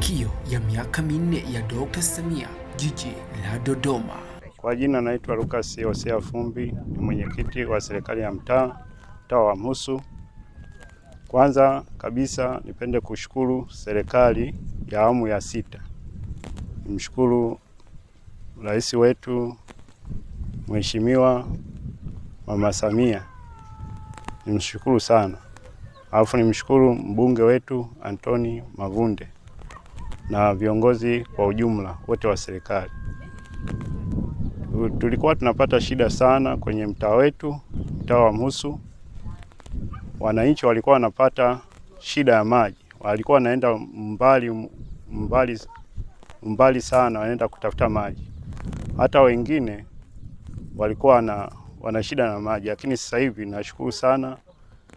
Mafanikio ya miaka minne ya Dr. Samia jiji la Dodoma. Kwa jina naitwa Lucas Hosea Fumbi, ni mwenyekiti wa serikali ya mtaa mtaa wa Mhusu. Kwanza kabisa nipende kushukuru serikali ya awamu ya sita, nimshukuru rais wetu Mheshimiwa Mama Samia, nimshukuru sana, alafu nimshukuru mbunge wetu antoni Mavunde na viongozi kwa ujumla wote wa serikali. Tulikuwa tunapata shida sana kwenye mtaa wetu, mtaa wa Mhusu. Wananchi walikuwa wanapata shida ya maji, walikuwa wanaenda mbali, mbali, mbali sana, wanaenda kutafuta maji. Hata wengine walikuwa na, wana shida na maji, lakini sasa hivi nashukuru sana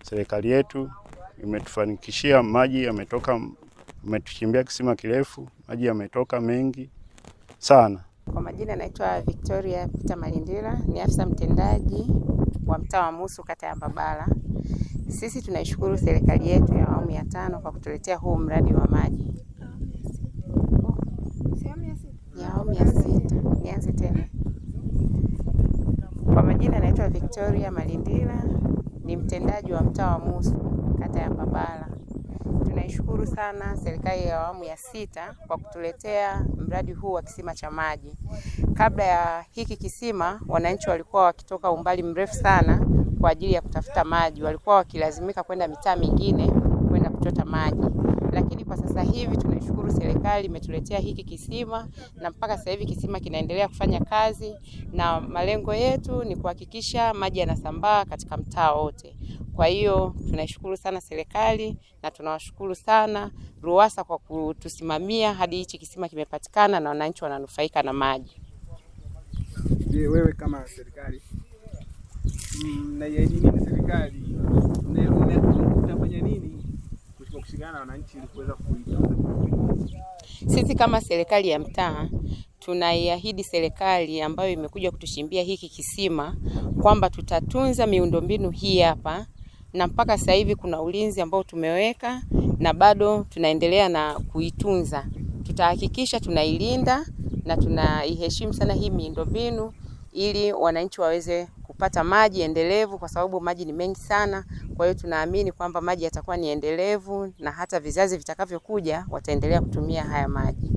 serikali yetu imetufanikishia maji yametoka umetuchimbia kisima kirefu, maji yametoka mengi sana. Kwa majina naitwa Victoria Peter Malindira, ni afisa mtendaji wa mtaa wa Musu, kata ya Mbabala. Sisi tunaishukuru serikali yetu ya awamu ya tano kwa kutuletea huu mradi wa maji ya awamu ya sita. Nianze tena. Kwa majina naitwa Victoria Malindira, ni mtendaji wa mtaa wa Musu, kata ya Mbabala. Tunaishukuru sana serikali ya awamu ya sita kwa kutuletea mradi huu wa kisima cha maji. Kabla ya hiki kisima, wananchi walikuwa wakitoka umbali mrefu sana kwa ajili ya kutafuta maji, walikuwa wakilazimika kwenda mitaa mingine kwenda kuchota maji kwa sasa hivi tunaishukuru serikali imetuletea hiki kisima, na mpaka sasa hivi kisima kinaendelea kufanya kazi, na malengo yetu ni kuhakikisha maji yanasambaa katika mtaa wote. Kwa hiyo tunaishukuru sana serikali na tunawashukuru sana RUWASA kwa kutusimamia hadi hichi kisima kimepatikana na wananchi wananufaika na maji. Je, wewe kama serikali mnaiahidi mm, nini serikali? na wananchi ili kuweza kuitoa. Sisi kama serikali ya mtaa tunaiahidi serikali ambayo imekuja kutushimbia hiki kisima kwamba tutatunza miundombinu hii hapa, na mpaka sasa hivi kuna ulinzi ambao tumeweka na bado tunaendelea na kuitunza. Tutahakikisha tunailinda na tunaiheshimu sana hii miundombinu ili wananchi waweze kupata maji endelevu, kwa sababu maji ni mengi sana. Kwa hiyo tunaamini kwamba maji yatakuwa ni endelevu na hata vizazi vitakavyokuja wataendelea kutumia haya maji.